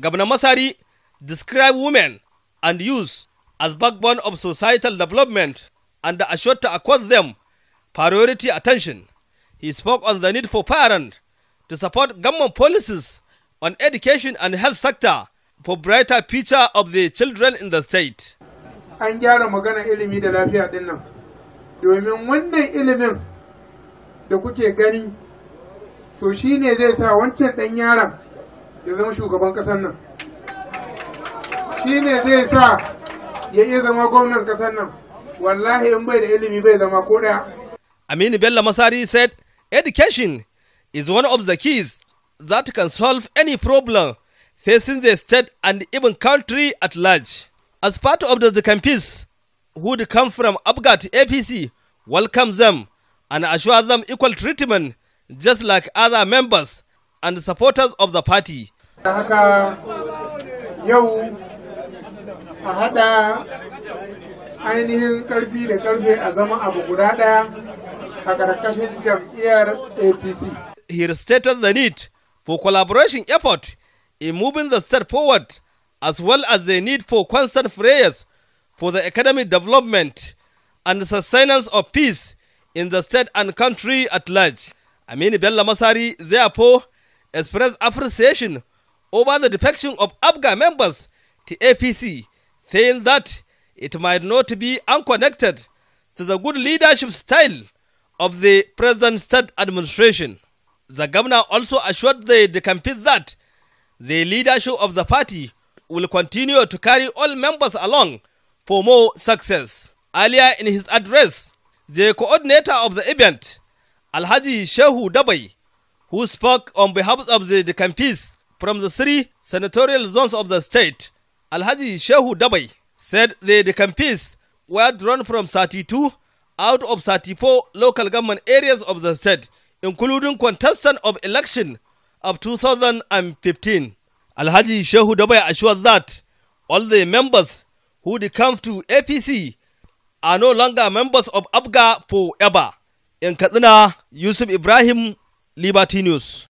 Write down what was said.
Governor Masari described women and youth as backbone of societal development and assured to accord them priority attention. He spoke on the need for parents to support government policies on education and health sector for brighter future of the children in the state. An gyara magana ilimi da lafiya din nan, domin wannan ilimin da kuke gani, to shi ne zai sa wancan ɗan yaran ya zama shugaban ƙasar nan shi ne zai sa ya iya zama gwamnan ƙasar nan wallahi in bai da ilimi bai zama ko ɗaya. Aminu Bello Masari said, Education is one of the keys that can solve any problem facing the state and even country at large. As part of the, campus campaigns, who come from Abgat APC welcome them and assure them equal treatment just like other members and supporters of the party. da haka yau a haɗa ainihin ƙarfi da ƙarfe a zama abu guda ɗaya a ƙarƙashin jam'iyyar apc he restated the need for collaboration effort in moving the state forward as well as the need for constant prayers for the economic development and the sustenance of peace in the state and country at large. Aminu Bello Masari, therefore, expressed appreciation over the defection of Abga members to APC, saying that it might not be unconnected to the good leadership style of the present state administration. The governor also assured the, the that the leadership of the party will continue to carry all members along for more success. Earlier in his address, the coordinator of the event, Alhaji Shehu Dabai, who spoke on behalf of the, the from the three senatorial zones of the state, Alhaji Shehu Dabai, said the decampees were drawn from 32 out of 34 local government areas of the state, including contestant of election of 2015. Alhaji Shehu Dabai assured that all the members who decamped to APC are no longer members of ABGA forever. In Katsina, Yusuf Ibrahim, Liberty News.